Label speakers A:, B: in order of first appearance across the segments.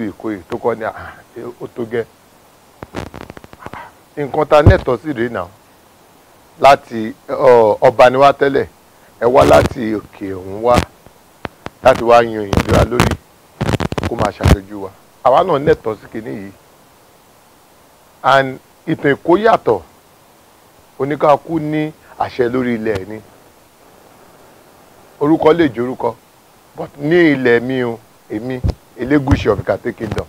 A: bí ìkó yìí tó kọ́ ni ah, ó tó gẹ́ nǹkan ta nẹ́tọ̀ sí rèé náà láti ọba ni wá tẹ́lẹ̀ ẹ wá láti òkè ọ̀hún wá láti wá yan èèyàn lóra lórí kó máa ṣàṣojú wa àwa náà nẹ́tọ̀ sí kinní yìí and ìtàn Èkó yàtọ̀ oníkàkú ní àṣẹ lórí ilẹ̀ ni orúkọ lè jẹ́ orúkọ but ní ilẹ̀ mi o èmi. E Elégùṣì of Ikate Kingdom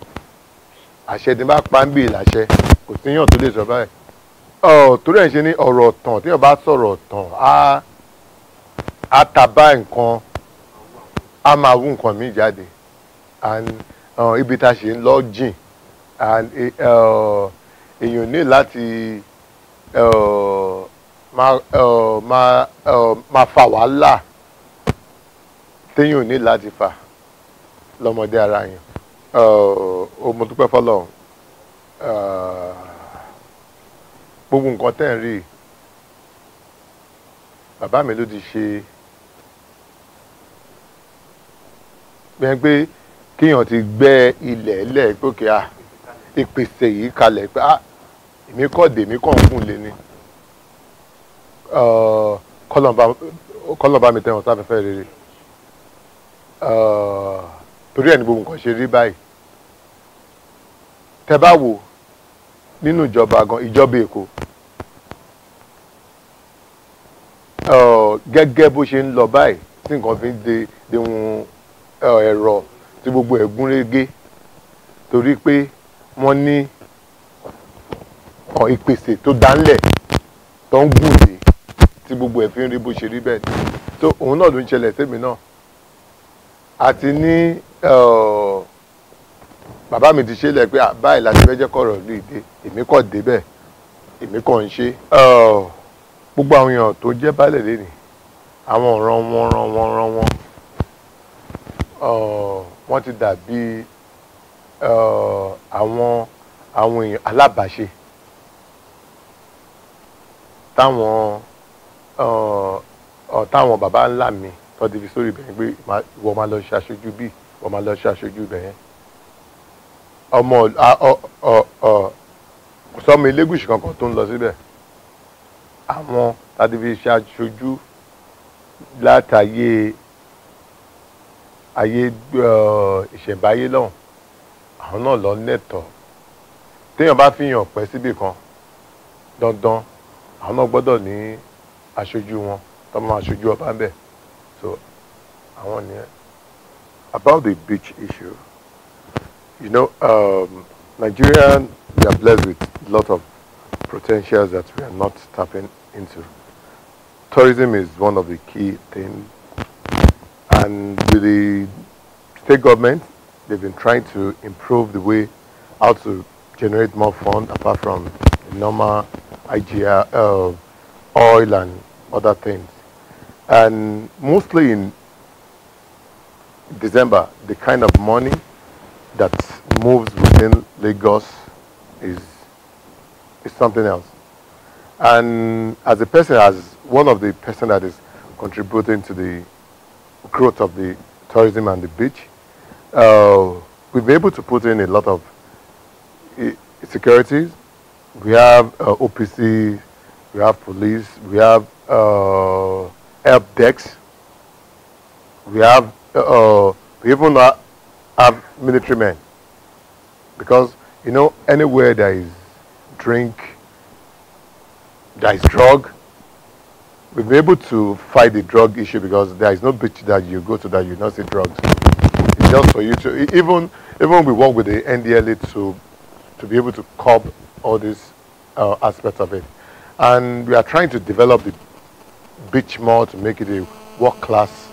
A: àṣẹ tí bá pa ń bì láṣẹ kò síyàn tó lè sọ báyìí ọ torí ẹ̀ ń ṣe ní ọ̀rọ̀ ọ̀tàn tí yàn bá sọ̀rọ̀ ọ̀tàn á á tàbá nǹkan á máa wú nǹkan míì jáde and ibi tá a ṣe ń lọ jìn and e, èèyàn ní láti máa fà wàhálà téèyàn ní láti fà lọ́mọdé ara yẹn ó mo dúpẹ́ fọlọ́run gbogbo nǹkan tẹ́ ń rí bàbá mi ló ti ṣe bẹ́ẹ̀ pé kéèyàn ti gbẹ́ ilẹ̀ lẹ́ẹ̀gbọ́kẹ́ à ìpèsè yìí kalẹ̀ pé à èmi kọ́ dèmi kàn fún lé ní kọ́lọ̀ bá mi tẹ̀wọ̀n sáfẹ́fẹ́ rere. Uh, torí ẹ̀ ní gbogbo nǹkan ṣe rí báyìí tẹ bá wò nínú ìjọba gan ìjọba èkó gẹ́gẹ́ bó ṣe ń lọ báyìí tí nǹkan fi ń de dehun ẹ̀rọ tí gbogbo ẹ̀ gúnrégé torí pé wọ́n ní ìpèsè tó dánlẹ̀ tó ń gùn dé tí gbogbo ẹ̀ fi ń rí bó ṣe rí bẹ́ẹ̀ ni tó òun náà ló ń ṣẹlẹ̀ sẹ́mi náà àti ní bàbá mi ti ṣe lẹ pé báyìí láti fẹ́ jẹ́ kọ̀rọ̀ ìlú ìdè èmi kọ̀ débẹ̀ èmi kọ̀ ń ṣe gbogbo àwọn èèyàn tó jẹ́ baálẹ̀ lẹ́nìí àwọn ọ̀ràn wọn ràn wọn ràn wọn wọ́n ti dàbí àwọn àwọn èèyàn alábàáṣe táwọn táwọn bàbá ńlá mi. Uh, wọ́n ti fi sórí ibẹ̀ pé ìwọ máa lọ ṣe aṣojú bíi ìwọ máa lọ ṣe aṣojú ibẹ̀ yẹn. ọmọ sọmọ elégùsì kankan tó ń lọ síbẹ̀ àwọn láti fi ṣe aṣojú látàyè ayé ìṣẹ̀ǹbáyé lọ́hùn àwọn náà lọ lẹ́tọ̀ọ́ téèyàn bá fi hàn pẹ́ síbì kan dandan àwọn náà gbọ́dọ̀ ní aṣojú wọn tó máa aṣojú ọba ń bẹ̀. So, I want to about the beach issue. You know, um, Nigerian, we are blessed with a lot of potentials that we are not tapping into. Tourism is one of the key things. And with the state government, they've been trying to improve the way how to generate more funds apart from normal IGR, uh, oil and other things. And mostly in December, the kind of money that moves within Lagos is, is something else. And as a person, as one of the person that is contributing to the growth of the tourism and the beach, uh, we've been able to put in a lot of uh, securities. We have uh, OPC, we have police, we have uh, help decks. We have, uh, we uh, even have military men. Because, you know, anywhere there is drink, there is drug, we've been able to fight the drug issue because there is no beach that you go to that you not see drugs. It's just for you to, even, even we work with the NDLA to, to be able to curb all these uh, aspects of it. And we are trying to develop the bit more to make it a world-class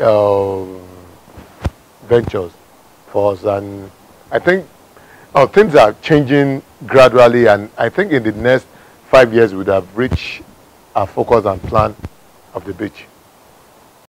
A: uh, ventures for us. And I think oh, things are changing gradually, and I think in the next five years we would have reached our focus and plan of the beach.